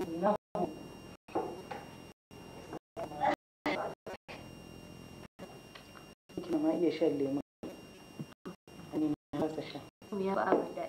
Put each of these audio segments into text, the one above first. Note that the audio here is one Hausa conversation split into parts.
إنه ما iya shan lemon. Ani na rasa sha. Ya ba abin da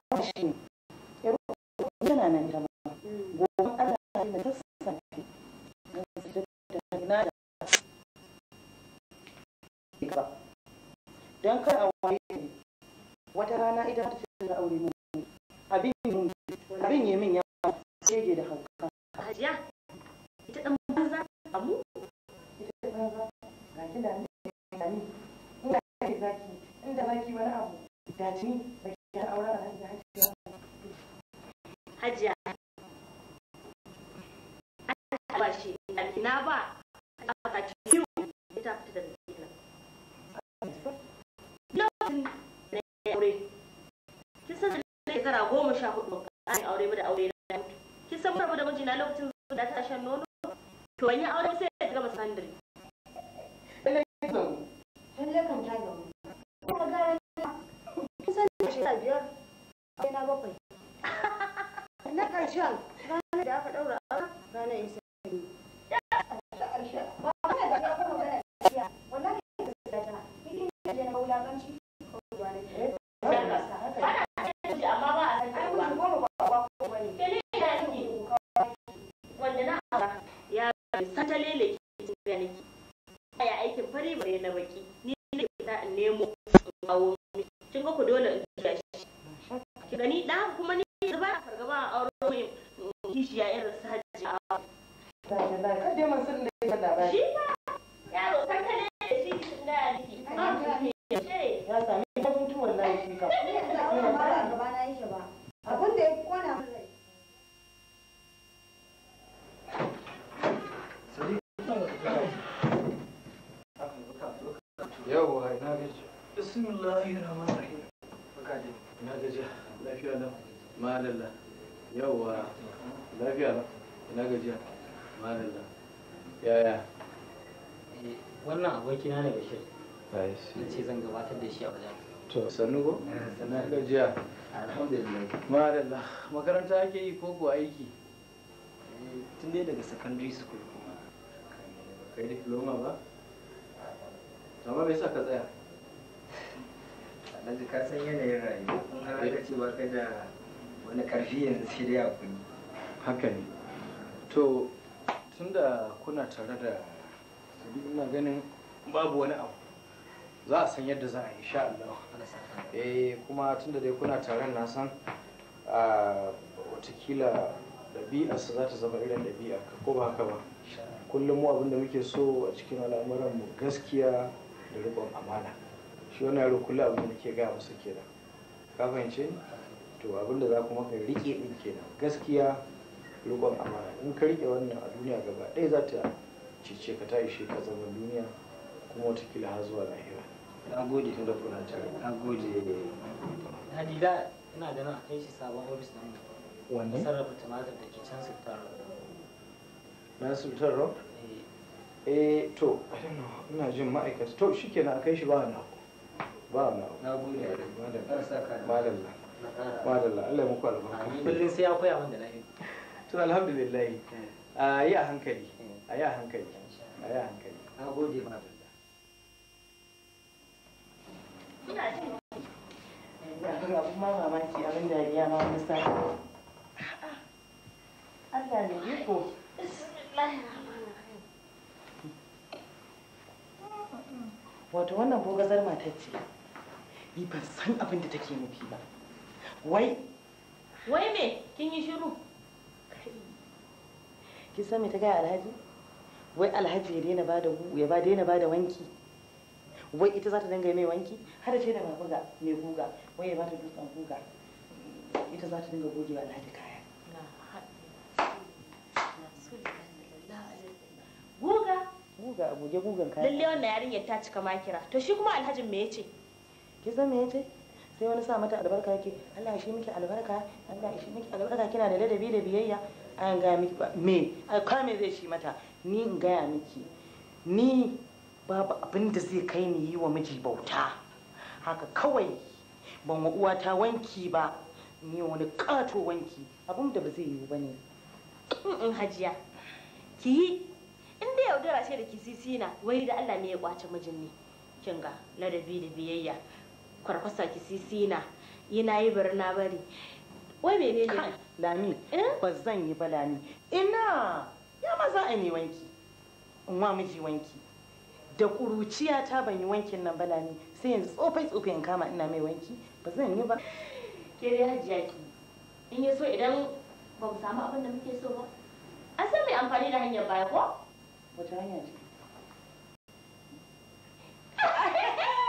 saying na baki sannu ko? gajiya alhamdulillah makaranta ake yi ko kuwa aiki eh, tun dai daga secondary school kuma kai diploma ba amma bai sa ka tsaya alhaji ka san yanayin rayuwa in har aka ce ba ka da wani karfi yanzu sai dai akwai. haka ne to tunda kuna tare da ina ganin babu wani abu za a san yadda za a yi sha Allah eh kuma tunda dai kuna taron na san watakila su za ta zama irin ɗabi'a ko ba haka ba kullum mu abinda muke so a cikin al'amuran mu gaskiya da riƙon amana shi wannan yaro kullum abin da ke gaya masa kenan ka fahimce to abinda za kuma ka riƙe ɗin kenan gaskiya riƙon amana in ka riƙe wannan a duniya gaba ɗaya za ta cece ka ta ishe ka zama duniya kuma watakila har zuwa lahira na gode tun da kuna tare na gode hadida ina nan a kai shi sabon ofis na mu wanne sarrafa tumatir da ke can sultan na sultan rock eh. eh to i don't know ina jin ma'aikata to shikenan a kai shi ba na ba na na gode malam madalla Allah muku albarka kullum sai ya koya wanda da lahi tun alhamdulillah eh. a yi a hankali eh. a yi a hankali a yi a hankali na gode madalla mamaki dariya wani wato wannan bogazar matar ce ni ban san abin da take nufi ba wai wai me kin yi shiru kin san me ta gaya alhaji wai alhaji ya daina bada ya ba daina bada wanki wai ita za ta dinga mai wanki har ce da mabuga mai guga wai ya bata dutsen guga ita za ta dinga gogewa na da kaya guga guga a goge gugan kaya lalle wannan yarinyar ta cika makira to shi kuma alhajin me yace ki san me yace sai wani sa mata albarka yake Allah ya shi miki albarka Allah ya shi miki albarka kina da ladabi da biyayya an ga miki me me zai shi mata ni in gaya miki ni babu abin da zai kai ni yi wa miji bauta haka kawai ban wa uwata wanki ba ni wani ƙato wanki abin da ba zai yiwu ba ne in hajiya ki yi in da yaudara ce da kisisina, wai da Allah ne ya kwace mijin ne kin ga ladabi da biyayya kwarkwasa kisisi na yana yi barna bari wai menene lami eh? ba zan yi ba lami ina ya maza a yi wanki in wa miji wanki da kuruciya ta ban yi wankin nan ne, sai yanzu tsofai tsofai in kama ina mai wanki ba zan yi ba ke dai hajiya ki in ya so idan ba mu samu abin da muke so ba an san mai amfani da hanyar baya ko wata hanya ce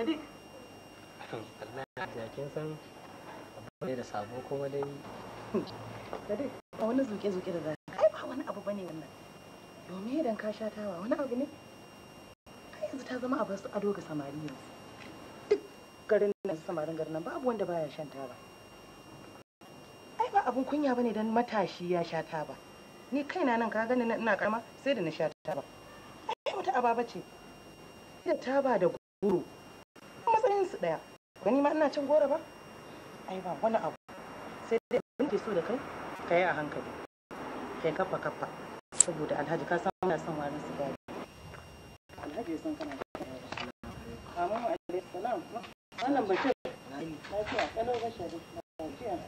sadiq ya kin san abu da sabo kuma dai sadiq ba wani zuke zuke da zaki ai ba wani abu bane wannan domin idan ka sha tawa wani abu ne ai yanzu ta zama abu ado ga samari yanzu duk garin nan samarin garin nan babu wanda baya shan taba ai ba abun kunya bane dan matashi ya sha taba ni kaina nan ka gani ina karma sai da na sha taba ai wata ababa ce da taba da guru ɗaya gani ma ina cin gora ba ai ba wani abu sai dai abin ke so da kai ka yi a hankali kai kafa kafa saboda alhaji ka san muna son warin sigari alhaji san kana da amma alaihi salam wannan ba bashir lafiya kalau bashir lafiya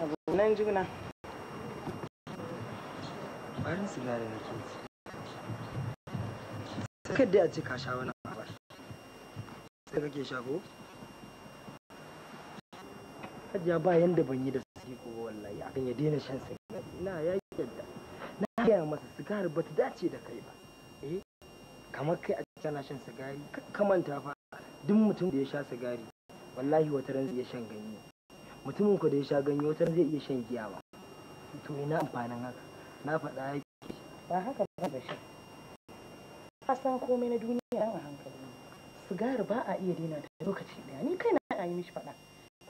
abu nan juna warin sigari nake ci kada a ce ka sha wani abar sai kake sha ko hajiya ba yanda ban yi da siko wallahi akan ya daina shan sigari na ya yadda na gaya masa sigari ba ta dace da kai ba eh kamar kai a kana shan sigari manta fa duk mutum da ya sha sigari wallahi wata ran zai iya shan ganye mutumin ku da ya sha ganye wata ran zai iya shan giya ba to ina amfanin haka na faɗa yake. ba haka ba da shan san komai na duniya dan a hankali sigari ba a iya daina da lokaci daya ni kai na a yi mishi faɗa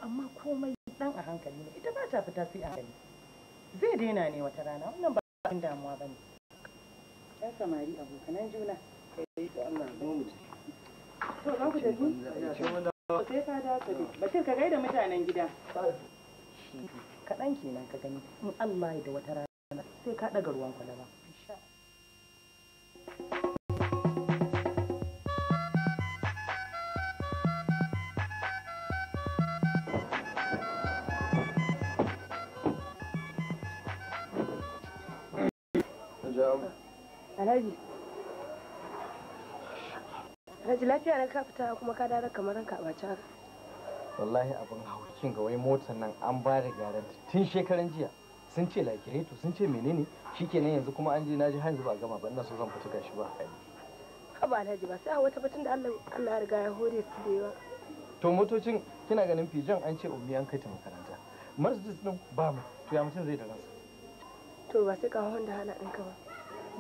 amma komai dan a hankali ne ita ba ta fita sai a hankali zai daina ne wata rana wannan ba abin damuwa ba ne ya samari abokanan juna to za ku tafi sai ka dace bashir ka gaida mutanen gida kaɗan kenan ka gani in Allah ya da wata rana sai ka ɗaga ruwan kwalaba. Thank you. Alhaji. Alhaji lafiya na ka fita kuma ka dara kamar ranka ba ta. Wallahi abin haukin ga wai motar nan an ba da garanti tun shekaran jiya. Sun ce to sun ce menene shikenan yanzu kuma an je naji hanzu ba gama ba ina so zan fita gashi ba Haba Alhaji ba sai a wata batun da Allah Allah ya riga ya hore su da yawa. To motocin kina ganin fijan an ce ummi an kai ta makaranta. Mercedes din ba mu to ya mutum zai da ransa. To ba sai ka da hala ɗinka ba.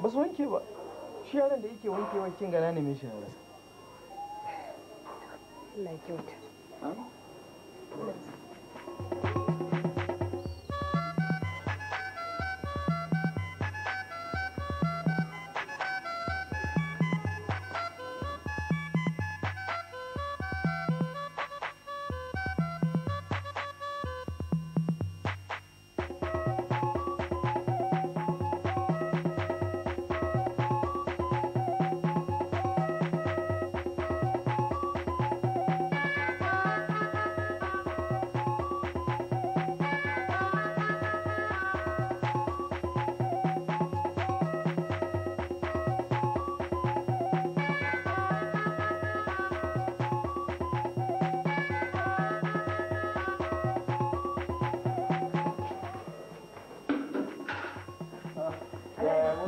ba su wanke ba shi yaron da yake wanke wankin gana ne mai shi na rasa Allah kyauta.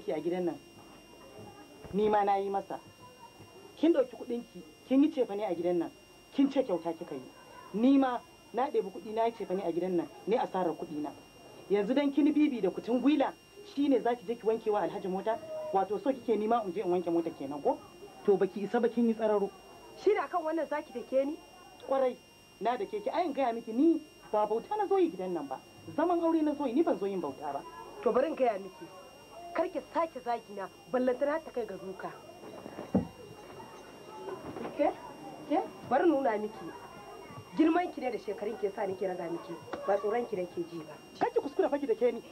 ɗinki a gidan nan ni ma na yi masa kin ɗauki kuɗinki kin yi cefane a gidan nan kin ce kyauta kika yi ni ma na ɗebi kuɗi na yi cefane a gidan nan ne asarar kuɗi na yanzu dan kini bibi da kutun gwila shine zaki je ki wanke wa alhaji mota wato so kike ni ma in je in wanke mota kenan ko to baki isa ba kin yi tsararo shi da kan wannan zaki da ke ni kwarai na da keke. ayin gaya miki ni ba bauta na zo yi gidan nan ba zaman aure na zo yi ni ban zo yin bauta ba to bari in gaya miki kar ki sake zagina ballantana ta kai ga duka ke ke bar nuna miki girman ki ne da shekarun ke sa nake raga miki ba tsoron ki nake ji ba kar ki kuskura faki da ke ni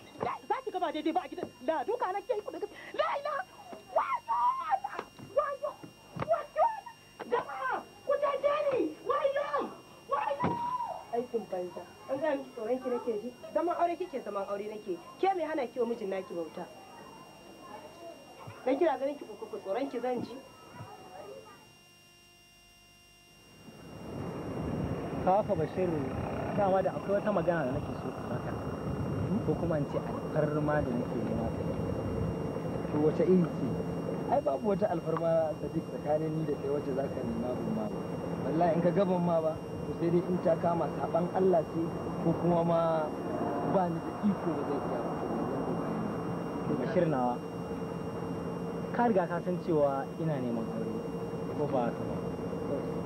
za ki gaba daidai ba a gidan da duka na ke ku da la ila wayo wayo wayo jama'a ku tace ni wayo wayo aikin banza an ga miki tsoron ki nake ji zaman aure kike zaman aure nake ke me hana ki wa mijin naki bauta dan kina ganin ki ku tsoron ki zan ji ka haka bashir dama da akwai wata magana da nake so maka ko kuma in ce alfarma da nake nema to wace iri ce ai babu wata alfarma sadiq tsakanin ni da kai wacce zaka nema ban ma ba wallahi in ka gaban ma ba to sai dai in ta kama saban Allah sai ko kuma ma ba ni da iko ba zai iya ba bashir nawa ka riga ka san cewa ina neman aure ko ba haka ba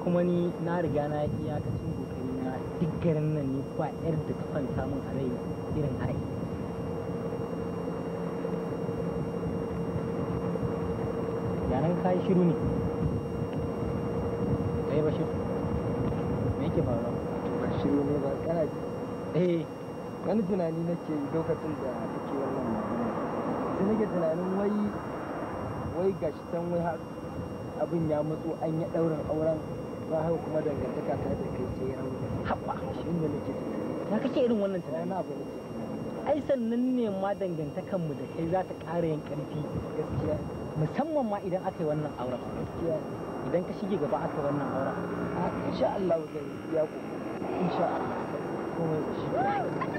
kuma ni na riga na iyakacin kokari na duk garin nan ni ba yar da ta kwanta min a rai irin ai yanan yi shiru ne ba bashir me yake faruwa ba shiru ne ba kana eh wani tunani nake lokacin da kake wannan magana sai nake tunanin wai wai shi can wai abin ya matso an yi ɗaurin auren ba hau kuma dangantaka ta da kai ce rauni haɓa shi ne nake ya kake irin wannan tunanin abu ne ai sannan ne ma dangantakan mu da kai za ta ƙara yin ƙarfi gaskiya musamman ma idan aka yi wannan auren gaskiya idan ka shige gaba aka yi wannan auren insha Allah zai ya ko insha Allah komai shi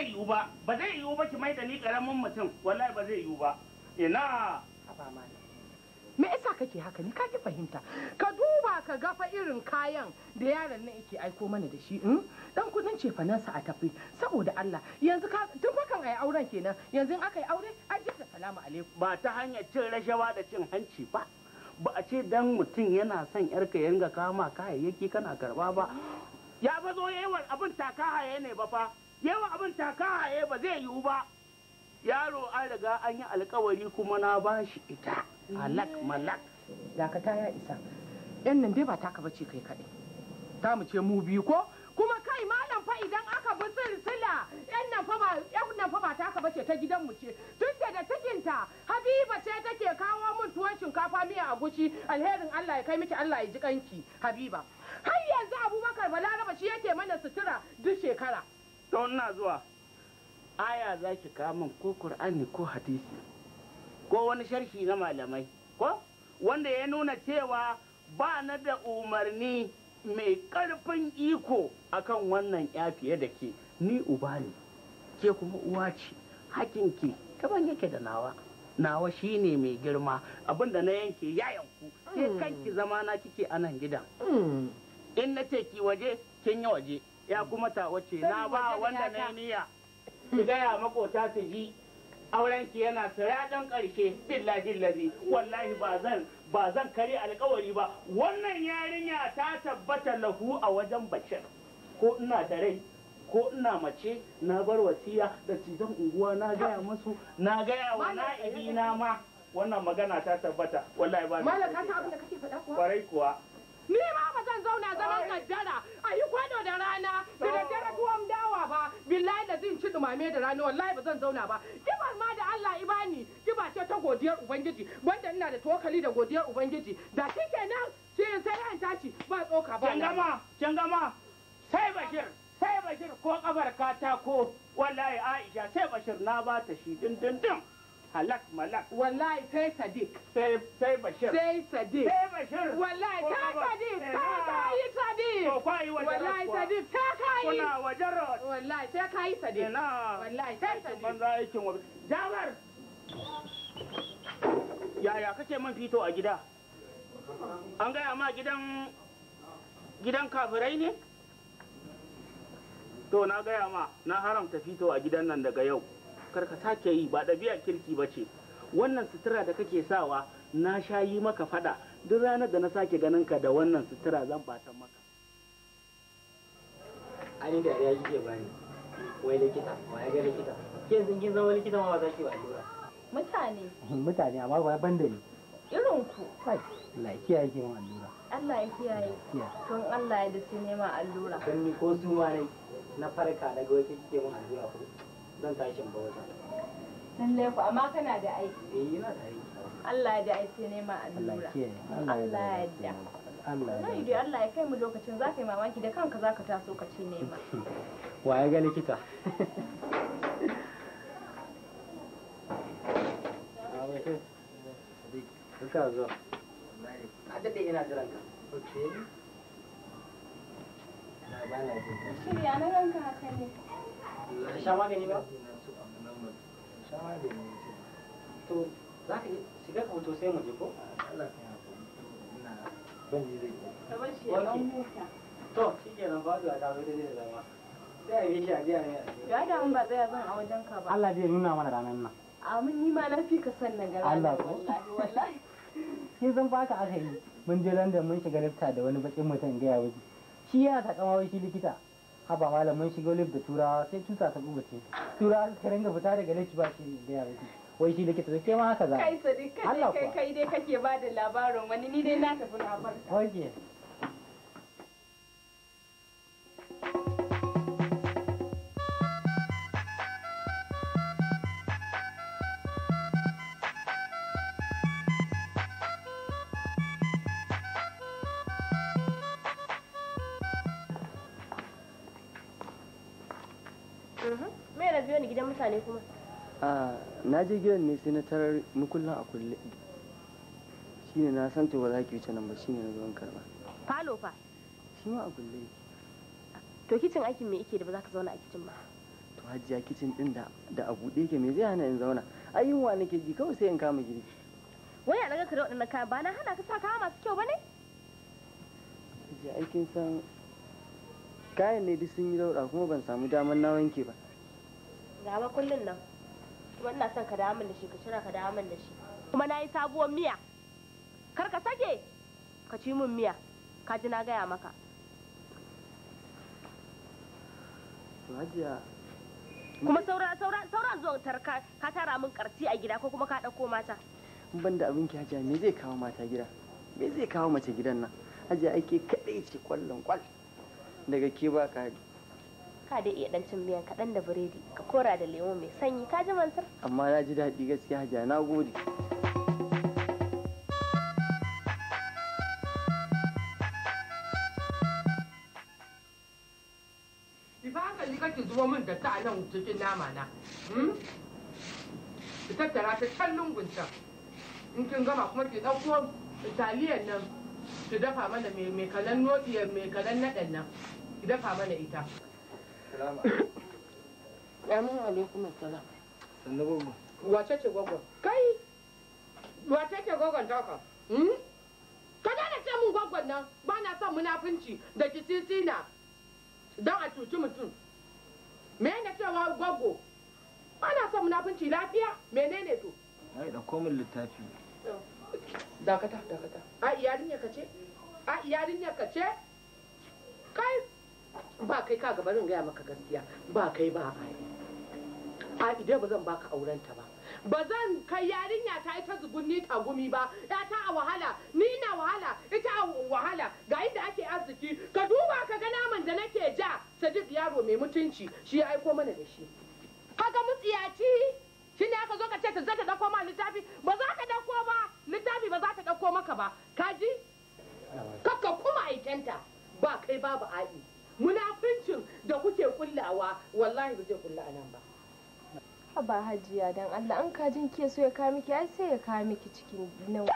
zai yiwu ba ba zai yiwu ba ki mai da ni karamin mutum wallahi ba zai yiwu ba ina haba mana me yasa kake haka ni kake fahimta ka duba ka ga fa irin kayan da yaron nan yake aiko mana da shi in hmm? dan kudin sa a tafi saboda Allah yanzu ka tun fa kan ayi auren kenan yanzu in aka yi aure an da salamu alaikum ba ta hanyar cin rashawa da cin hanci ba ba a ce dan mutum yana son ka yanga kama kayayyaki kana karba ba ya fa zo yawan abin taka haye ne ba fa yawa abin taka haye eh, ba zai yiwu ba yaro an riga an yi alkawari kuma na ba shi ita malak malak dakata ya isa yan nan dai ba taka bace kai kaɗai ta mu ce mu biyu ko kuma kai malam fa idan aka bi silsila yan nan fa ba yan nan fa ba taka bace ta gidan mu ce tun da da cikinta habiba ce take kawo mun tuwon shinkafa miya a gushi alherin Allah ya kai miki Allah ya ji kanki habiba har yanzu abubakar balaraba shi yake mana sutura duk shekara don na zuwa aya za ki min ko kur'ani ko hadisi ko wani sharhi na malamai ko wanda ya nuna cewa ba na da umarni mai karfin iko akan wannan ya fiye da ke ni uba ne ke kuma uwa ce hakinki kaban yake da nawa nawa shine mai girma abinda na yanke ya yanku sai hmm. kanki zama na kike anan nan gidan hmm. in na ce ki waje kin yi waje ya kuma ta wace na ba wanda na yi niyya ki gaya makota yi auren aurenki yana don ƙarshe billahi lazi wallahi ba zan ba zan kare alƙawari ba wannan yarinya ta tabbata lahu a wajen bashir ko ina da rai ko ina mace na bar wasiya da cizon unguwa na gaya musu na gaya wa na'ibi na eh, eh, eh. ma wannan magana ta tabbata wallahi ba malaka ta abin da kake faɗa kuwa kwarai kuwa ni ma ba zan zauna zaman kaddara a yi kwano da rana da daddare tuwon dawa ba billahi da zin ci dumame da rana wallahi ba zan zauna ba kibar ma da Allah ibani kiba ce ta godiyar ubangiji wanda ina da tokali da godiyar ubangiji da shi nan sai sai an tashi ba tsoka ba kengama kengama sai bashir sai bashir ko kabar katako wallahi aisha sai bashir na ba ta shi dindindin halak malak wallahi sai sadiq sai sai bashir sai sadiq sai bashir wallahi ta sadiq ta eh, kai sadiq to kai wajen wallahi sadiq ta kai kuna wajen rot wallahi sai kai sadiq ina wallahi sai sadiq banza aikin wa jabar yaya kake man fito a gida an gaya ma gidan gidan kafirai ne to na gaya ma na haramta fito a gidan nan daga yau kar ka sake yi ba ɗabi'a kirki ba ce wannan sutura da kake sawa na sha yi maka fada duk ranar da na sake ganin ka da wannan sutura zan batan maka yi da ya kike bani wai likita wai ga likita kin sun kin zama likita ma ba za ki ba allura mutane mutane amma ba ban da ni irin ku kai Allah kiyaye ki allura Allah ya kiyaye tun Allah ya da su nema allura dan ni ko su ma ne na farka daga wai kike mun allura ko zan amma kana da aiki eh da aiki Allah ya da aiki ne ma allura Allah ya da Allah ya kai mu lokacin za ka yi mamaki da kanka za ka taso ka ci nema wa A daɗe ina jiran ka. ba ta sha magani ba za ka sai ko shi zai yi ya da mun ba zan ba Allah zai nuna mana ranar nan amin ni ma na fi ka san nan gara Allah ko wallahi shi zan baka aka yi mun je London mun shiga lifta da wani bakin mutum ga ya wuce shi yana ta kama shi likita haba malam mun shiga lif da turawa sai tuta ta buga ce turawa ka ringa fita daga lif ba shi da yara wai shi likita ke ma haka za kai sadiq kai kai kai dai kake ba da labarin wani ni dai na tafi na farka mutane kuma a na je gidan ne sai na tarar mukullin a kulle shi ne na san to ba za ki wuce nan ba shi ne na zo karba falo fa shi ma a kulle to kicin aikin me yake da ba za ka zauna a kicin ba to hajiya kicin din da da a buɗe yake me zai hana in zauna ai yunwa nake ji kawai sai in kama girki waya na ga ka da waɗannan kayan ba na hana ka sa kaya masu kyau ba ne hajiya aikin san kayan ne duk sun yi dauɗa kuma ban samu damar na wanke ba ga makullin nan kuma ina son ka da min da shi ka cira ka da min da shi kuma na yi sabuwar miya kar ka sage ka ci min miya ka ji na gaya maka kuma sauran zuwan tarka ka tara min karti a gida ko kuma ka dauko mata ban da abin ki hajiya me zai kawo mata gida me zai kawo mace gidan nan hajiya ake kadai ce kwallon kwal daga ke ba ka ka da iya dan cin miyan kaɗan da biredi ka kora da lemo mai sanyi ka ji mansur amma na ji daɗi gaskiya hajiya na gode kake zuwa min da ta nan cikin nama na. Hmm? Ki tattara ta can lungun can. In kin gama kuma ki ɗauko italiyan nan ki dafa mana mai kalan nodiyar mai kalan naɗan nan ki dafa mana ita. Amin ce min Kai! Hmm? nan ba na son munafunci da don a cuci mutum. na Ba na son munafunci lafiya to? da komin littafi. Dakata, dakata. A iyalin ya kace? A iyalin ya kace? kai ka gaba zan gaya maka gaskiya ba kai ba a a idan ba zan baka aurenta ba ba zan kai yarinya ta ita zugunni ta gumi ba ya ta a wahala ni na wahala ita a wahala ga inda ake arziki ka duba ka ga naman da nake ja sadiq yaro mai mutunci shi ya aiko mana da shi kaga mutsiyaci shi ne aka zo ka ce ta zata dauko ma littafi ba za ka dauko ba littafi ba za ta dauko maka ba ka ji kuma aikenta ba kai babu a'i munafincin da kuke kullawa wallahi ba zai kulla nan ba haba hajiya dan Allah an jin ke so ya kawo miki ai sai ya kawo miki cikin nan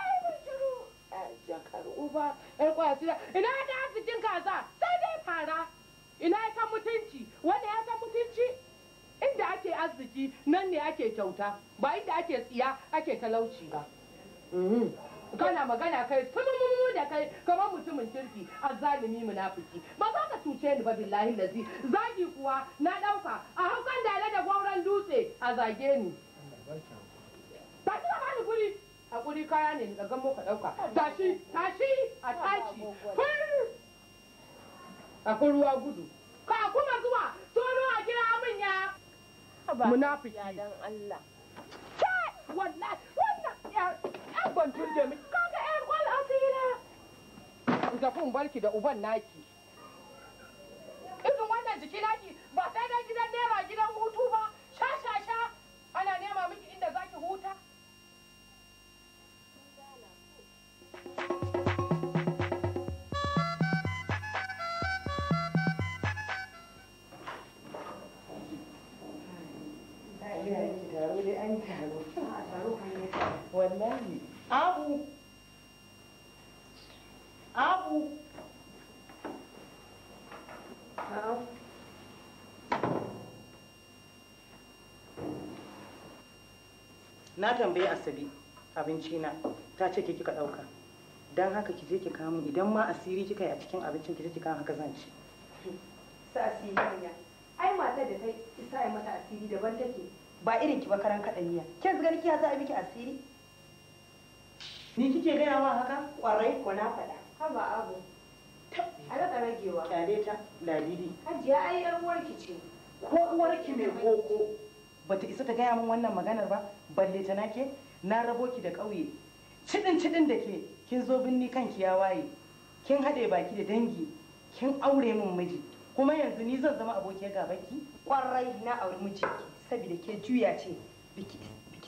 jakar uba yar kwasiya ina da asikin kaza sai dai fara ina ya san mutunci wanda ya san mutunci inda ake arziki nan ne ake kyauta ba inda ake tsiya ake talauci ba mm-hmm. kana magana kai fulmumu da kai kamar mutumin turki a azzalimi munafiki ba za ka cuce ni ba billahi lazi zagi kuwa na dauka a haukan dale da gwauran dutse a zage ni ba ki bani guri hakuri kaya ne da gammo ka dauka tashi tashi a tashi fur a ruwa gudu ka kuma zuwa tono a kira abin ya munafiki ya dan Allah wallahi wannan ban turje miki kaga yar kwal asira zafin barki da uban naki irin wannan jiki naki ba sai dan gidan nema gidan hutu ba sha sha sha ana nema miki inda zaki huta Abu. Abu. Abu. Na tambayi Asabi abinci na ta ce ke kika ɗauka. Don haka ki je ki mu idan ma asiri kika yi a cikin abincin ki je ki kawo haka zan ci. Sa asiri ya. Ai matar da ta isa mata asiri daban take. Ba irin ki ba karan kaɗaniya. Kin gani ki za a miki asiri? Ni kike gaya wa haka? Kwarai ko na faɗa. Haba abu. A raka ragewa. Kyale ta ladidi. Hajiya ai yar uwarki ce. Ko uwarki mai koko. Bata isa ta gaya min wannan maganar ba, balle ta nake na rabo ki da ƙauye. Cidin cidin da ke kin zo binni kanki ya waye. Kin haɗe baki da dangi, kin aure min miji. Kuma yanzu ni zan zama abokiyar gabaki? Kwarai na auri mijinki, saboda ke juya ce, biki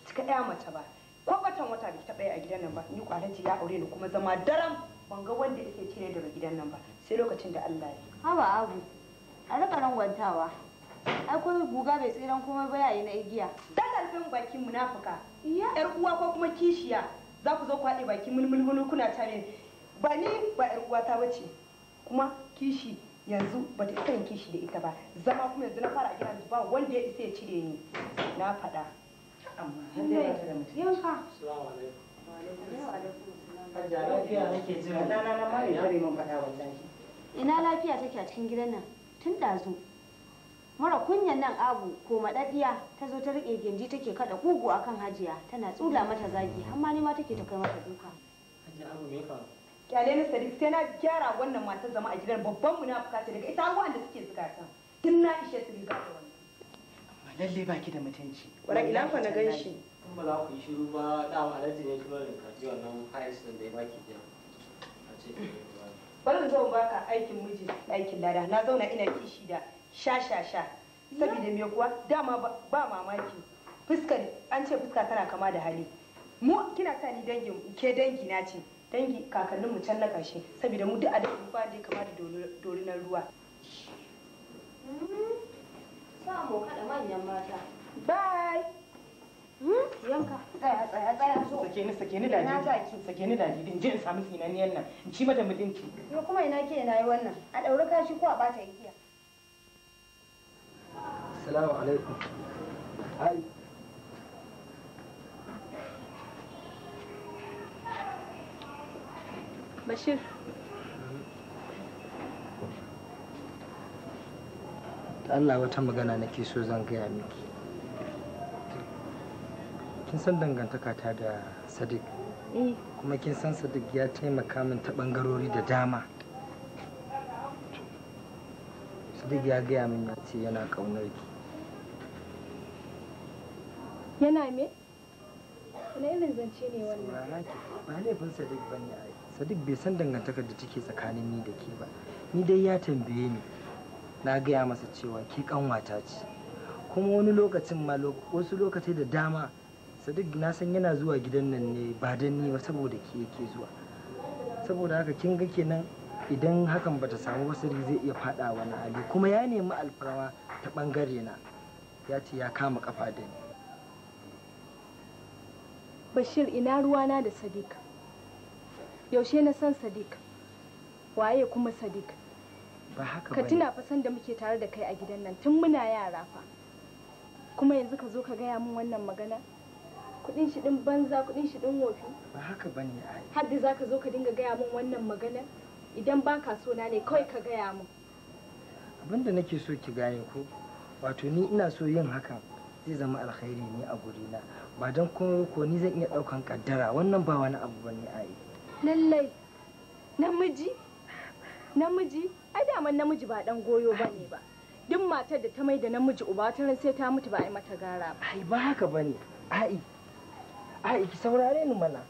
cika ɗaya mace ba. ko watan wata bai taɓa a gidan nan ba ni kwalaji ya aure ni kuma zama daram ban ga wanda yake cire daga gidan nan ba sai lokacin da Allah ya haba abu a rika rangwantawa ai ko guga bai tsiran kuma ba yayi na igiya dalalfin bakin munafuka yar uwa ko kuma kishiya za ku zo ku haɗe baki mulmulmulu kuna tare ba ni ba yar uwa ta bace kuma kishi yanzu ba ta isa kishi da ita ba zama kuma yanzu na fara gidan ba wanda ya isa ya cire ni na faɗa ina lafiya take a cikin gidan nan tun ɗazu mara kunyan nan abu ko madadiya ta zo ta rike genji take kada gugu akan hajiya tana tsula mata zagi har ma ma take ta kai mata duka hajiya abu me ka kyale na sadiq sai na gyara wannan matar zama a gidan babban munafuka ce daga ita abubuwan da suke zukata tun na ishe su riga ta lalle baki da mutunci kwarai ina fa na gan shi in ba za ku yi shiru ba da alhaji ne kuma da karbi wannan price din da ya baki jiya a ce bari zo baka aikin miji aikin lada na zauna ina kishi da sha sha sha saboda me kuwa dama ba mamaki fuskar an ce fuska tana kama da hali mu kina sa ni dangin ke dangi na ce dangi kakannin mu can na karshe saboda mu duk a dangin ba da kama da dorinan ruwa Mm-hmm. kana hoka manyan mata bye hmm? yanka tsaya tsaya tsaya so sake ni sake ni daji sake ni daji din je in samu tsinaniyan nan in ci mata mutunci yo kuma ina ke na yi wannan a daure kashi ko a bata igiya assalamu alaikum ai Bashir, Allah wata magana nake so zan gaya miki kin san dangantaka ta da sadiq eh. kuma kin san sadiq ya taimaka min ta bangarori da dama sadiq ya gaya min ya ce yana kaunar ki yana me wani irin zance ne wannan ba laifin sadiq bane ai sadiq bai san dangantakar da take tsakanin ni da ke ba ni dai ya tambaye ni na gaya masa cewa ke kanwata ce kuma wani lokacin ma wasu lokacin da dama sadiq na san yana zuwa gidan nan ne ba don ni ba saboda ke yake zuwa saboda haka kin ga kenan idan hakan bata samu wasari zai iya fada na ali kuma ya nemi alfarma ta bangare na ya ce ya kama kafa da ni bashir ina ruwa na da sadiq yaushe na san sadiq waye kuma sadiq ba haka ka tuna fa san da muke tare da kai a gidan nan tun muna yara fa kuma yanzu ka zo ka gaya min wannan magana kudin shi din banza kudin shi din wofi ba haka bane ai har zaka zo ka dinga gaya min wannan magana idan ba ka so na ne kawai ka gaya min abinda nake so ki gane ko wato ni ina so yin hakan zai zama alkhairi ne a guri na ba don kuma ko ni zan iya daukan kaddara wannan ba wani abu bane ai lallai namiji namiji ai daman namiji ba dan goyo bane ba duk matar da ta mai da namiji uba ta sai ta mutu ba ai mata gara ba ai ba haka bane ai ai ki saurare ni mana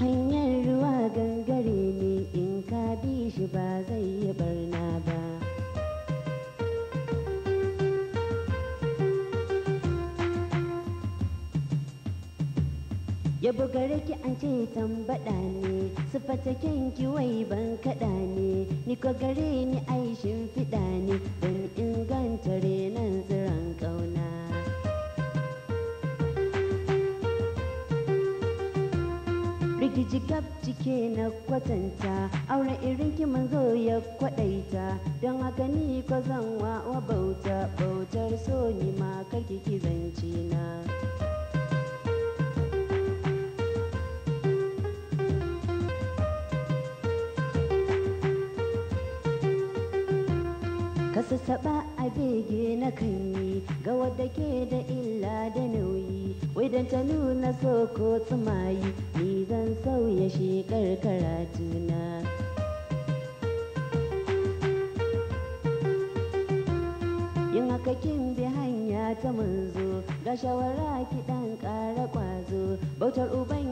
hanyar ruwa gangare ne in ka bi shi ba zai yi barna ba yabo gare ki an ce tambaɗa ne sufata kyanki wai ban kaɗa ne ni ko gare ni aishin fiɗa ne don inganta renan tsiron ƙauna rigiji gab cike na kwatanta aure irin ki zo ya kwaɗaita don haka ni ko zan wa bauta bautar so ni ma karki ki zance na kai ga wadda ke da illa da nauyi wai don ta nuna so ko tsumayi ni zan sauya shekar karatuna yin haka kin bi hanya ta manzo ga shawara ki dan ƙara ƙwazo bautar uban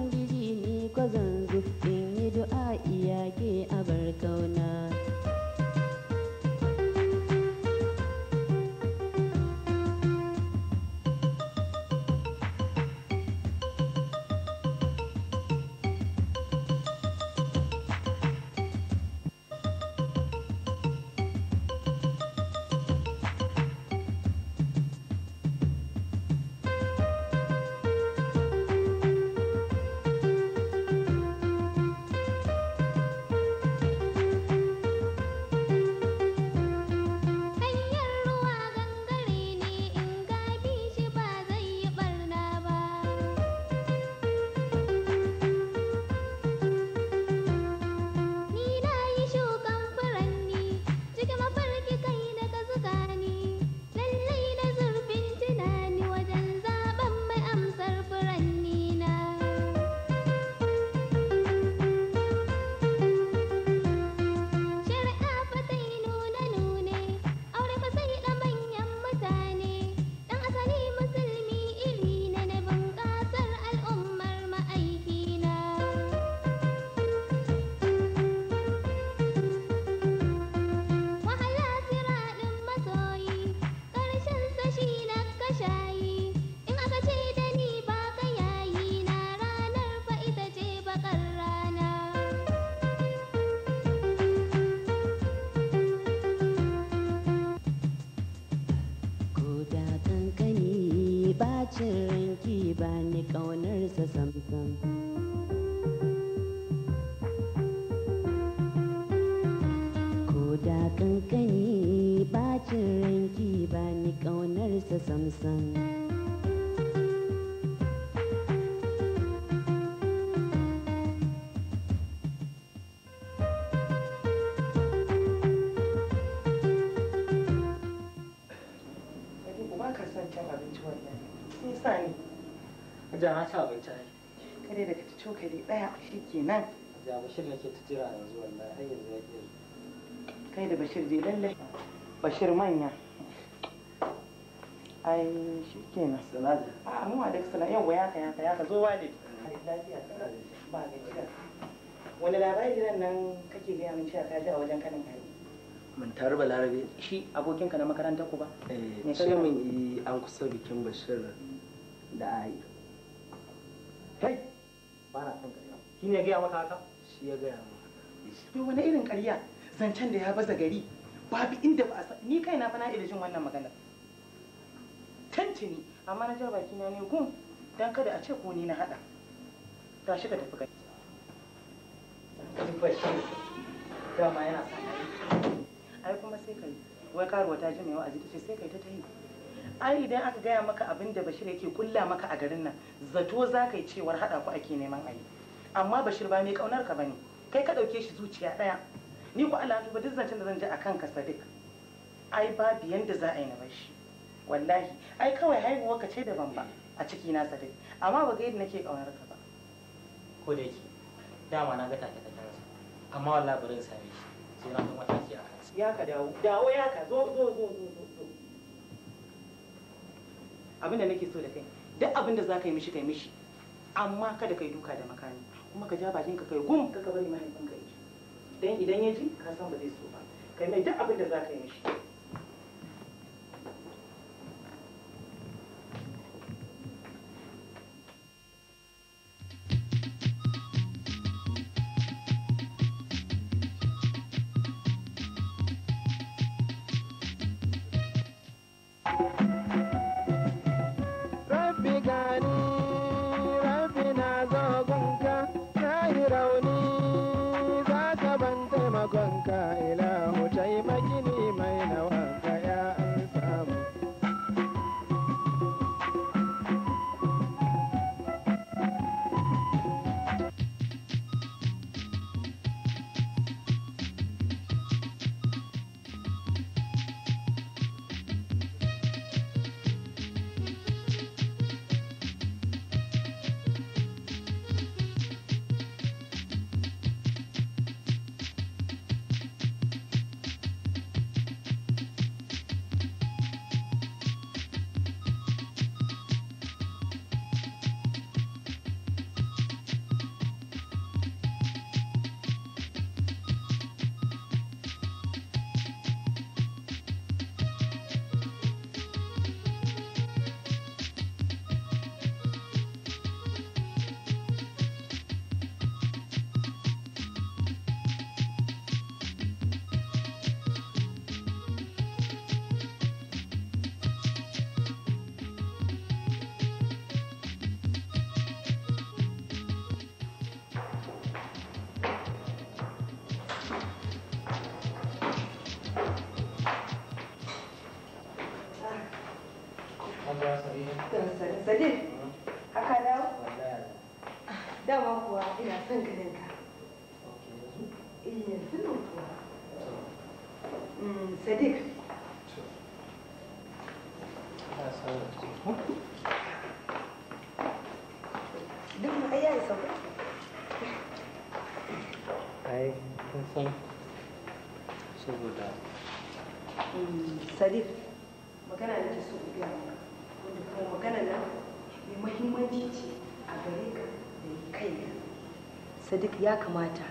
ai da ka cokali shi kenan ja bashir nake ta jira ke da shi a mu da ya ka ya ka zo lafiya ba wani labari nan nan kake gaya min cewa ka ji a wajen kanin hali mun balarabe shi abokinka na makaranta ku ba eh ce min eh, an kusa bikin bashir Da la kai ba na son ƙarya shi ne gaya maka haka shi ya gaya maka to wani irin ƙarya zancen da ya baza gari babu inda ba a ni kaina fa na da jin wannan magana tantini amma na ja baki na ne gun dan kada a ce ko ni na hada shi ka tafi kai bashi dama yana sa ai kuma sai kai wai karuwa ta ji mai wa'azi ta ce sai kai ta tahi ai idan aka gaya maka abin da bashir yake kulla maka a garin nan zato za ka yi cewar haɗa ku ake neman ayi amma bashir ba mai ƙaunar ka bane kai ka ɗauke shi zuciya ɗaya ni ku Allah tuba duk zancen da zan ji a kanka sadiq ai babu yanda za a yi na bashi wallahi ai kawai haihuwar ka ce daban ba a ciki na sadiq amma ba ga yadda nake ƙaunar ka ba ko da yake dama na ga take take amma wallahi bari in same shi sai na ga mataki a kansa ya ka dawo dawo ya ka zo zo zo zo abin da nake so da kai duk abin da za ka yi mishi kai mishi amma kada ka yi duka da makami kuma ka ja bakin ka kai gum ka bari mahaifinka ya ji dan idan ya ji ka san ba zai so ba kai mai duk abin da za ka yi mishi Sadiq, haka dawo? Dama kuwa ina son ka. Eh, kuwa. Mm, Sadiq, sadiq ya kamata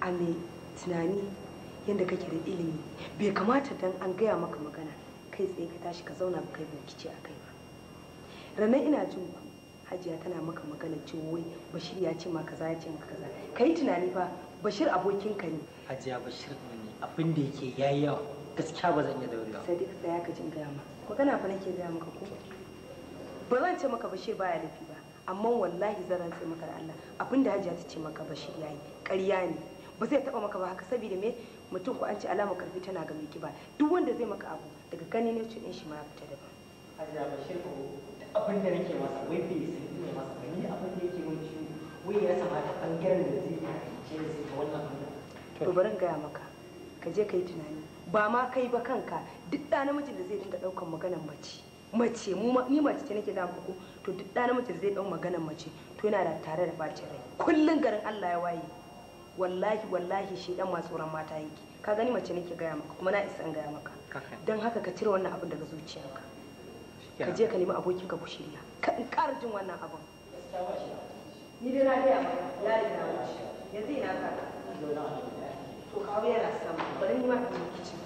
a mai tunani yadda kake da ilimi bai kamata dan an gaya maka magana kai tsaye ka tashi ka zauna ba kai bincike a kai ba ranar ina jin ku hajiya tana maka magana cewa wai bashir ya ce maka kaza ya ce maka kaza yi tunani fa bashir abokinka ne hajiya bashir ne abin da yake yayi yawa gaskiya ba zan iya daurewa sadiq tsaya ka jin gaya ma magana fa nake gaya maka ko ba zan ce maka bashir baya laifi ba amma wallahi zan rantse maka da Allah abinda hajiya ta ce maka bashir yayi ƙarya ne ba zai taba maka ba haka saboda me mutum ko an ce alama karfi tana ga mai kiba duk wanda zai maka abu daga gani ne cin shi ma fita daban hajiya bashir ko abin da nake masa wai bai san ne masa ba ni abin da yake mun ciwo wai ya sama ta bangaren da zai ce zai ta wannan to bari in gaya maka ka je ka yi tunani ba ma kai ba kanka duk da namijin da zai dinga daukan maganar mace mace mu ni mace ce nake zama ku to duk ɗan mace zai ɗau maganar mace to yana da tare da bacin rai kullun garin Allah ya waye wallahi wallahi shi dan masu tsoron mata yake ka gani mace nake gaya maka kuma na isa in gaya maka don haka ka cire wannan abin daga zuciyarka ka je ka nemi abokin ka ku shirya ka in ƙara jin wannan abin ni dai na gaya maka ya riga wuce yanzu ina ka to kawo yana sama bari ni ma ka je kicin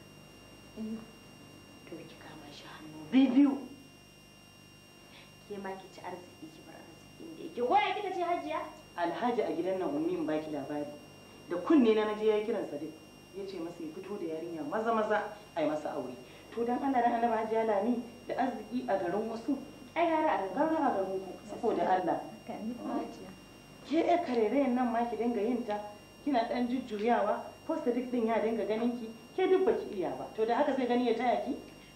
to ki kama shi hannu biyu ke ma ki ci arziki ki bar arziki inda yake waya kika ce hajiya alhaji a gidan nan ummi in baki labari da kunne na naje ya kiran sadiq ya ce masa ya fito da yarinya maza maza ai masa aure to dan Allah dan annabi hajiya lami da arziki a garin wasu ai gara a garin a garin ku saboda Allah ke e karerayen nan ma ki dinga yin ta kina dan jujjuyawa ko sadiq din ya dinga ganin ki ke duk ki iya ba to da haka sai gani ya taya ki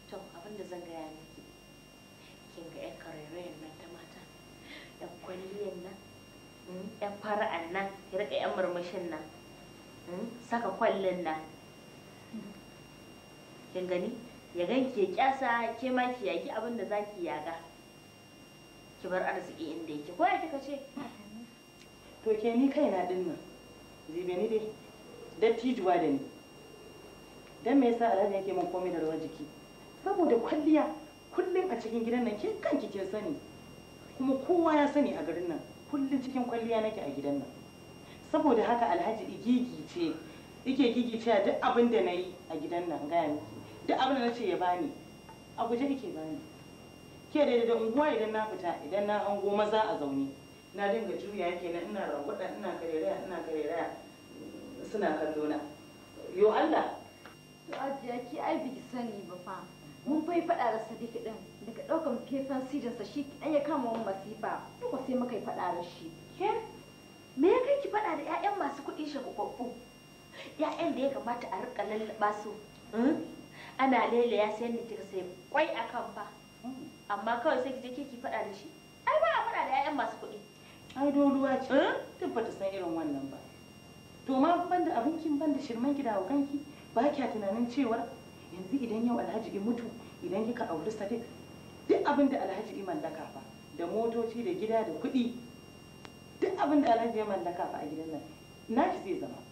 to abin da zan gaya miki kin ga yan karerayen nan ta mata yan kwalliyan nan yan hmm, fara'an nan ki rika yan murmushin nan hmm, saka kwallin nan kin gani ya ganki ya kyasa ke ma ki yaki abin da za ki yaga ki bar arziki inda yake ko ya kika ce to ke ni kaina dinnan zibe ni dai dattijuwa da ni dan me yasa alhaji yake mun komai da rawar jiki saboda kwalliya kullum a cikin gidan nan ke kanki kin sani kuma kowa ya sani a garin nan kullum cikin kwalliya nake a gidan nan saboda haka alhaji igigi ce yake gigi ce duk abin da nayi a gidan nan gaya miki duk abin da nace ya bani a guje yake bani ke da da unguwa idan na fita idan na hango maza a zaune na dinga juya yake na ina rangwada ina kareraya ina kareraya suna kallona na yo Allah To ajiya ki ai biki sani ba fa. Mun fai faɗa da Sadiq din daga ɗaukan fefan sirinsa shi ɗan ya kama mun masifa. Ko sai muka yi faɗa da shi. Ke? Me ya kai ki faɗa da 'ya'yan masu kuɗi shagwagwaggu? 'Ya'yan da ya kamata a riƙa lallaɓa su. Hmm? Ana lele ya sayar da kika sai kwai a kan fa. Amma kawai sai ki je ki faɗa da shi. Ai ba a faɗa da 'ya'yan masu kuɗi. Ai ruwa ce. Tabbata hmm? san irin wannan ba. To ma ban da abinkin ban da shirman gida wa kanki. ba kya tunanin cewa yanzu idan yau alhaji in mutu idan kika auri sadiq duk abin da alhaji in mallaka fa da motoci da gida da kuɗi duk abin da alhaji ya mallaka fa a gidan nan na naki zai zama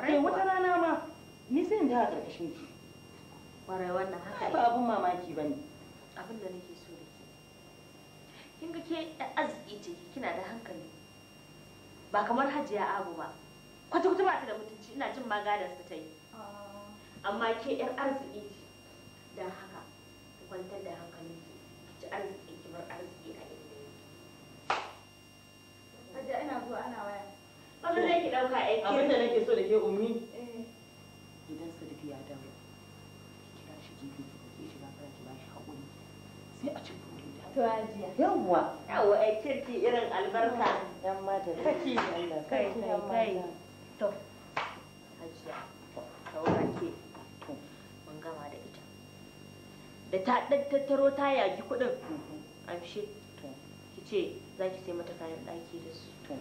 kai eh, wata rana ma ni sai in ji a ƙarƙashin ki ƙwarai wannan haka ba abin mamaki ba ne abin da nake so da ke kin ga ke arziki ce kina da hankali ba kamar hajiya abu ba kwata-kwata ba ta da mutunci ina jin su ta yi amma ke yar arziki ce don haka ki kwantar da hankalin ki ci arziki ki bar arziki a inda yake Hajja ina zuwa ana waya wanda zai ki dauka aiki abin da nake so da ke ummi eh. idan sadiq ya dawo ki kira shi gefe ki kike shiga fara ki bashi haƙuri sai a cikin tuwajiya yawwa yawwa ai kirki irin albarka yan madara kaki kai kai to hajiya saurake gama da ita da ta ɗan tattaro ta yagi kuɗin mhm. amshe to ki ce za ki sai mata kayan ɗaki da su to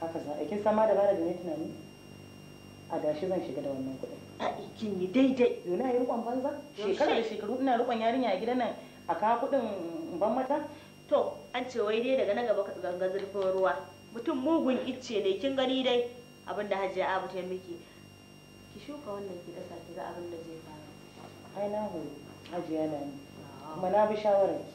haka za a kin sama da bara da ne tunani a gashi zan shiga da wannan kuɗin a ikin ni daidai yana yi rikon banza Shekarar da shekaru ina rikon yarinya a gidan nan a kawo kuɗin ban mata to an ce wai dai daga na gaba ganga zurfin ruwa mutum mugun icce ne kin gani dai abinda da hajiya abu ta miki ki shuka wannan ki dasa ki ga abin da zai ai na hoyi ajiya nan kuma na bi shawarar ki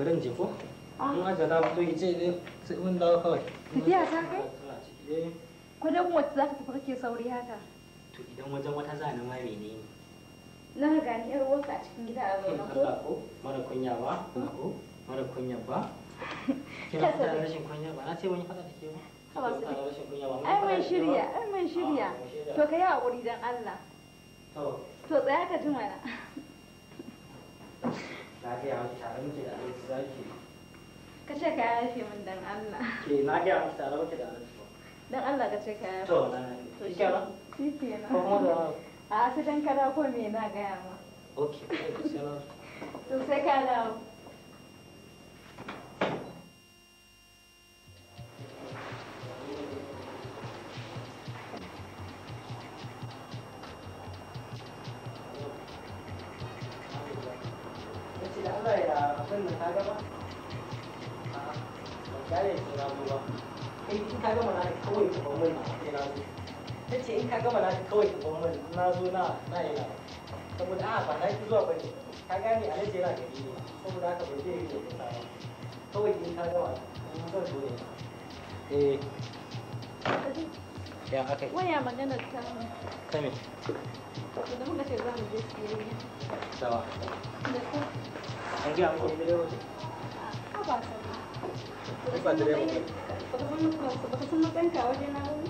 bari in je ko na fito ki ce ne sai mun wata za ka tafi kake sauri haka to idan wajen wata za ni ma menene na gani yar uwarka a cikin gida a zaune ko mara ba ko mara ba rashin ba na wani da ai shirya ai shirya to ka yi don Allah to tsaya ka ji mana na da za ki ka ce ka yafe min dan Allah ke na gaya miki tare muke da alaji dan Allah ka ce ka yafe to na to shi kenan shi kenan ko mu da a sai dan kada ko me na gaya ma okay to sai ka dawo in ka gama naka kawai kawai eh. me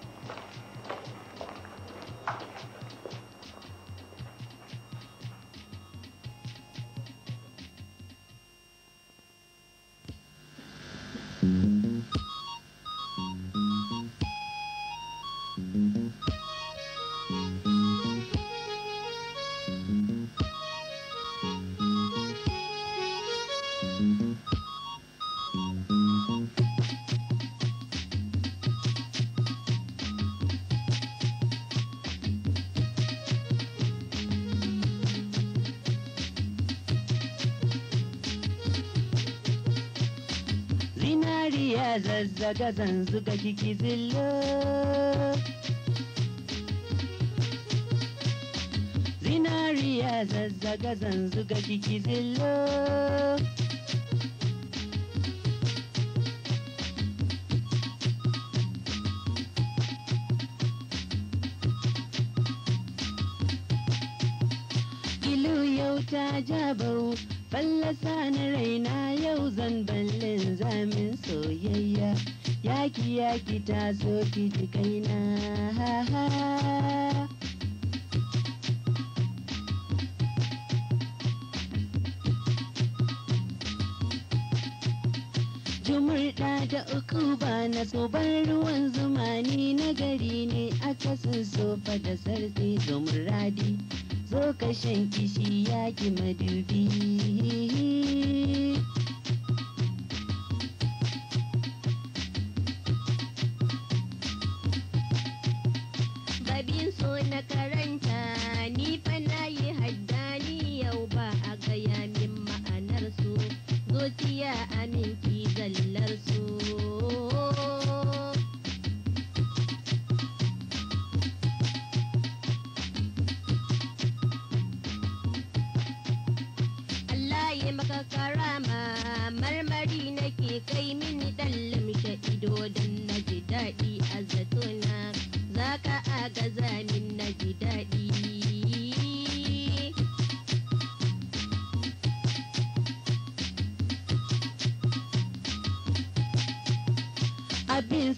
zaga zan zuga kiki zillo zinariya zazzaga zan zuga kiki zillo Ilu yau ta jabau fallasa na raina yau zan ballin zamin soyayya yaki yaki ta so ki kaina ha ha murɗa da uku ba na zubar ruwan zumani na gari ne akasin sofa da sarki zumuradi. zo ka shan kishi ki madubi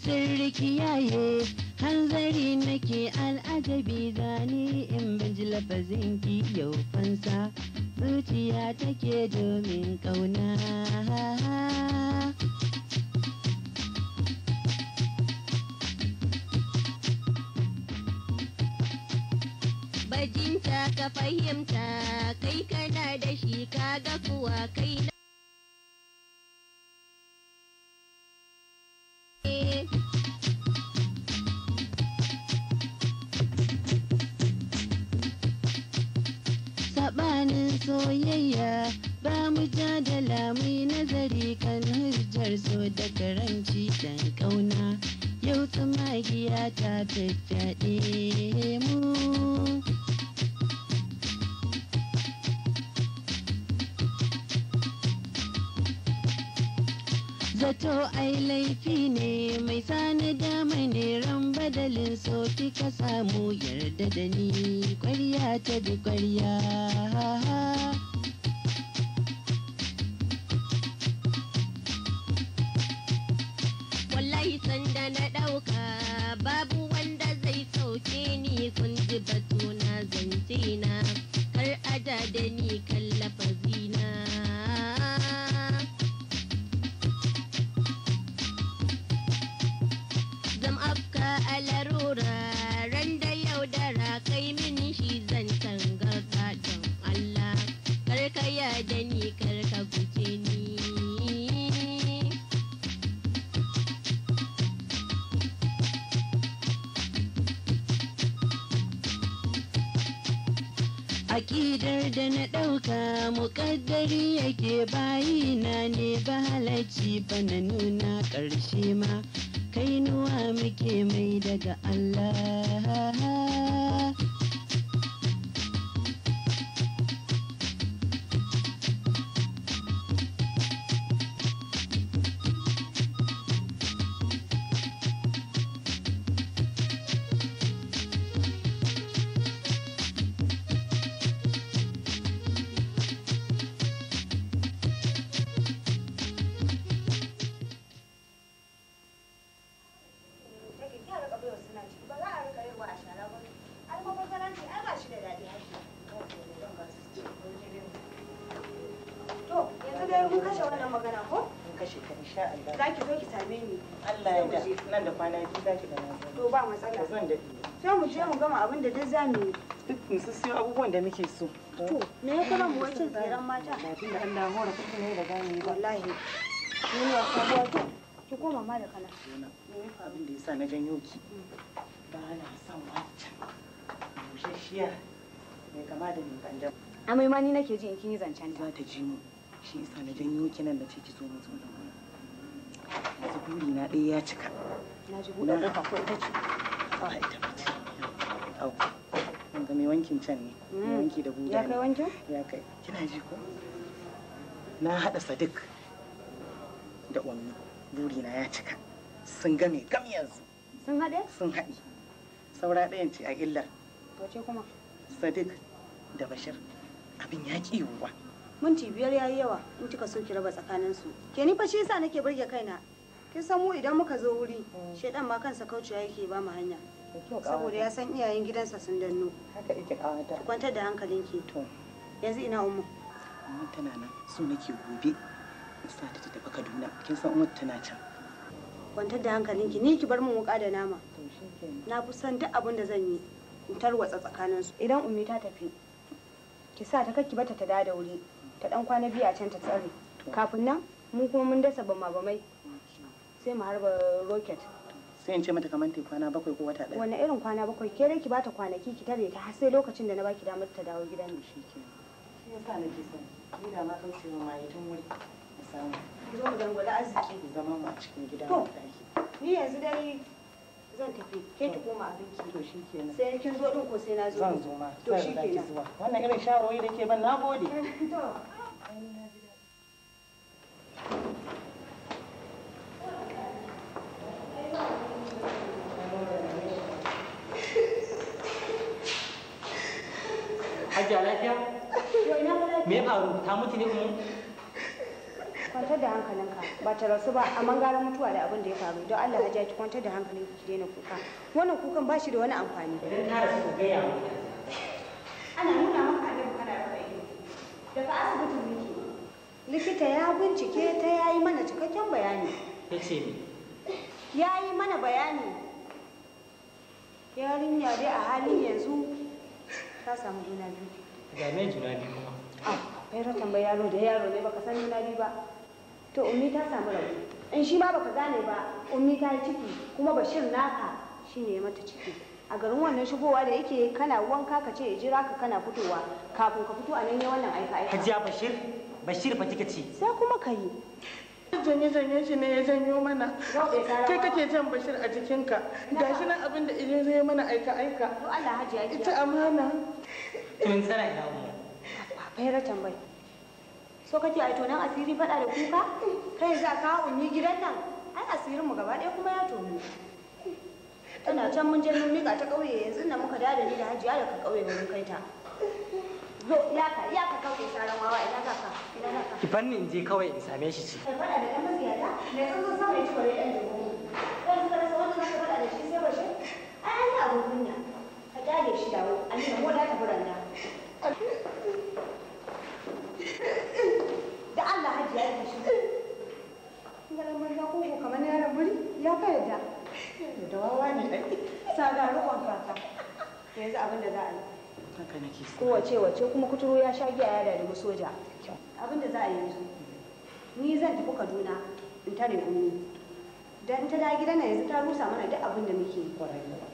sirri kiyaye hanzari nake al'ajabi zane in banji lafazin yau fansa zuciya take domin ƙauna. bajinta ka fahimta kai kana da shi kaga kuwa kai ba mujadala mai nazari kan hujjar zo da karanci dan kauna yau tsamagiya ta faffaɗe mu zato ai laifi ne mai sani dama ne ran badalin sofi ka samu yarda da ni kwarya ta bi kwarya Sanda da na ɗauka babu wanda zai sauke ni kun ji batuna zance na kar ada da ni kan lafazina. Zam afka a larura ran da yaudara kai min shi zan garka don Allah kar ka yada ni kar ka guje ni. aƙidar da na ɗauka muƙaddari yake bayi na ne ba halacci ba na nuna ƙarshe ma kainuwa muke mai daga Allah ai kun kashe wannan magana ko kun kashe ta insha Allah za ki zo ki same ni Allah ya da nan da kwana biyu zaki ga na to ba matsala zan dade sai mu je mu gama abin da duk zamu yi duk mu sissiyo abubuwan da muke so to me ya kuma mu wacce tseren mata lafiya Allah mu rafa ne da zamu yi wallahi ni ne ka ba to ki koma ma da kana ni fa abin da yasa na janyo ki ba na son wancan bushashiya mai kama da mai kanjam amai ma ni nake ji in kin yi zancen za ta ji mu shi isa na janyo kinan da ce ki zo mutum da wani yanzu buri na ɗaya ya cika na ji buɗe ƙofa ko ita ce a ita ba ce au kun ga mai wankin can ne mai mm. wanki da buda ya kai wankin ya kai kina ji ko na haɗa sadik da ummi buri na ya cika sun game gam yanzu sun haɗe sun haɗi saura ɗayan ce a illar ce kuma sadik da bashir abin ya ƙi yiwuwa minti biyar yayi yawa in kika so ki raba tsakanin su ke ni fa shi yasa nake burge kaina kin san mu idan muka zo wuri mm. shedan ma kansa kaucewa yake ba mu hanya saboda ya san iyayen gidansa sun danno haka yake kawata ki kwantar da hankalinki to yanzu ina umma umma tana nan so nake gobe in sa ta tafi Kaduna kin san umma tana can kwantar da hankalinki ni ki bar mu muka da nama na fi san duk abin da zan yi in tarwatsa tsakaninsu idan ummi ta tafi ki sa ta kakki bata ta da wuri ta dan kwana biyu a can ta tsare kafin nan mun kuma mun dasa ba bamai sai mu harba rocket sai in ce mata kamar ta kwana bakwai ko wata ɗaya wani irin kwana bakwai ke dai ki bata kwanaki ki tare ta har sai lokacin da na baki damar ta dawo gidan ne shi ke shi yasa ke son ni da ma kauce ma mai tun wuri na samu zo mu dangwala arziki ki zama mu a cikin gidan mu ni yanzu dai zan tafi ke ki koma abinci to shi kenan sai kin zo din ko sai na zo zan zo ma to shi wannan irin shawarwari da ke ban nagode to lafiya yau ina mu lafiya me faru ta mutu ne umu kwantar da hankalinka ba ta rasu ba amma gara mutuwa da abin da ya faru don Allah hajiya ki kwantar da hankalin ki daina kuka wannan kukan ba shi da wani amfani idan ta rasu ga ya ana nuna maka annabi kana da kai daga asibitin miki likita ya bincike ta ya yi mana cikakken bayani yace ni yayi mana bayani yarinya dai a halin yanzu ta samu juna biyu ga mai juna biyu kuma ah, kai ratan bai yaro da yaro ne baka san juna biyu ba to ummi ta samu rauni in shi ma baka gane ba ummi ta yi ciki kuma bashir naka shine ya mata ciki a garin wannan shigowa da yake kana wanka ka ce jira ka kana fitowa kafin ka fito a nan wannan aika aika hajiya bashir bashir ba kika ce sai kuma ka yi janye janye shi ne ya janyo mana kai kake jan bashir a jikinka gashi nan abin da idan zai mana aika aika ita amana Mun tsara ina mu. Ba fa tambayi. So kake a tonan asiri fada da kuka? Kai za ka unyi gidan nan. Ai asirin mu gaba ɗaya kuma ya tono. Tana can mun je mun mika ta ƙauye yanzu nan muka dada ni da Hajiya da ka ƙauye mun kai ta. Zo ya ka ya ka kauye saran wawa ina ka ka ina ka. fanni in je kawai in same shi ce. Kai fada da ɗan maziyata me sun zo sama ya ci bare ɗan jigo. Kai ka rasa wanda zaka fada da shi sai bashe. Ai ai abun kunya. Ka dade shi dawo. Amina mu da ta buranda. da Allah hajji ya ke shi koko kamar ya da wawa ne sada rukon yanzu abin da za a yi haka nake kowace wace kuma ya sha giya ya soja abin da za a yi yanzu ni zan tafi Kaduna in tare dan ta da gidan nan yanzu ta rusa mana duk abin da muke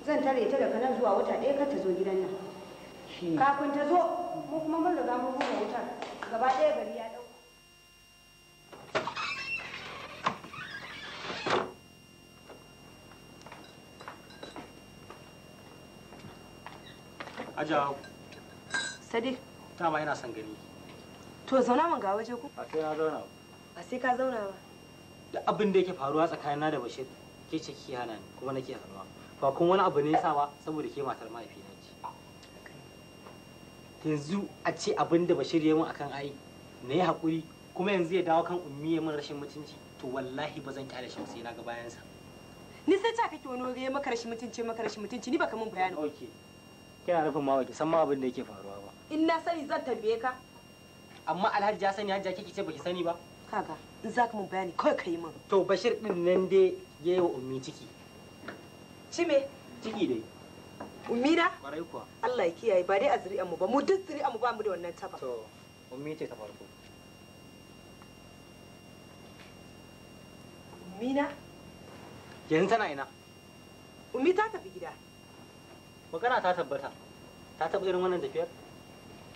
zan tare ta daga nan zuwa wata ɗaya kar ta zo gidan nan kafin ta zo mu kuma mun riga mun buga wutar gaba ɗaya gari ya ɗauka Aja. Sadiq. Dama yana son gani. To zauna mun ga waje ku. A sai na zauna ba. sai ka zauna ba. da abin da yake faruwa na da Bashir ke ce ki hana ni kuma nake hannuwa. Ba kun wani abu ne yasa ba saboda ke matar mahaifina. yanzu a ce abin da bashir ya mun akan ayi na yi haƙuri kuma yanzu ya dawo kan ummi ya mun rashin mutunci to wallahi ba zan kyale shi sai na ga bayansa ni sai ta kake wani wuri maka rashin mutunci maka rashin mutunci ni baka mun bayani okay kina nufin ma baki san ma abin da yake faruwa ba in na sani zan tambaye ka amma alhaji ya sani hajja kike ce baki sani ba kaga in zaka mun bayani kawai kai mun to bashir din nan dai yayi wa ummi ciki me ciki dai umira Allah ya kiyaye ba dai a zuri'an mu ba mu duk zuri'an mu ba mu da wannan taba to ummi ce ta farko Umina? Yanzu tana ina? Umi ta tafi gida. Magana ta tabbata. Ta taɓa irin wannan tafiyar?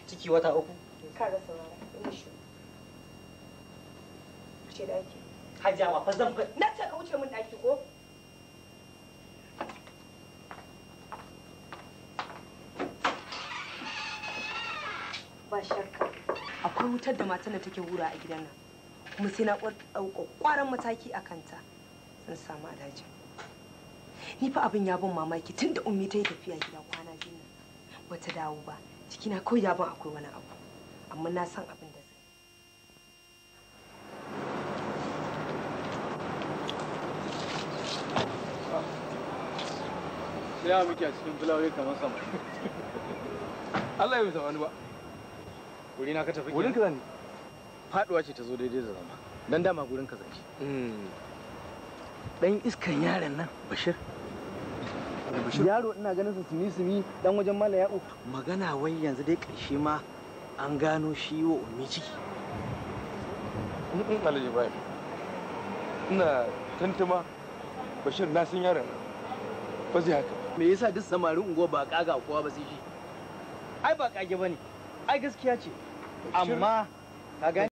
Ciki wata uku? Ka ga saurara, ina shi. Ce ɗaki. Hajiya fa zan Na ce ka wuce min ɗaki ko? Ba shakka. Akwai wutar da matan da take hura a gidan nan. Kuma sai na ɗaukar kwaran mataki a kanta. Zan samu alhaji. Ni fa abin ya bin mamaki tunda ummi ta yi tafiya gida kwana biyu nan. Bata dawo ba. Cikina kawai ya bin akwai wani abu. Amma na san abin da zai. Ya muke a cikin fulawai kamar sama. Allah ya bisa wani ba. guri na ka tafi wurin ka zan faduwa ce ta zo daidai da zama dan dama gurin ka zance hmm. dan iskan yaron nan bashir yaro ina ganin su sumi sumi dan wajen mala ya'u magana wai yanzu dai karshe ma an gano shi wa ummi ciki alhaji ibrahim ina tantama bashir na san yaron ba zai haka me yasa duk samarin unguwa ba kaga kowa ba sai shi ai ba kage bane ai gaskiya ce amma ka gani